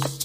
you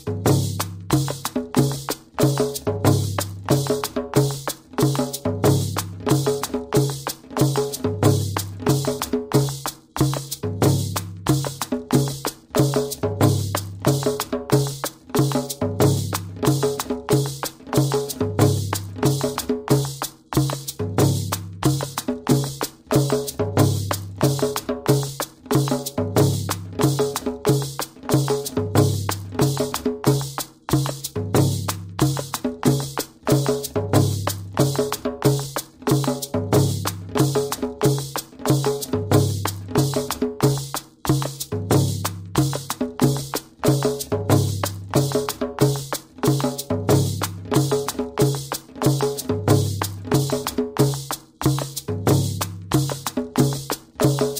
Thank you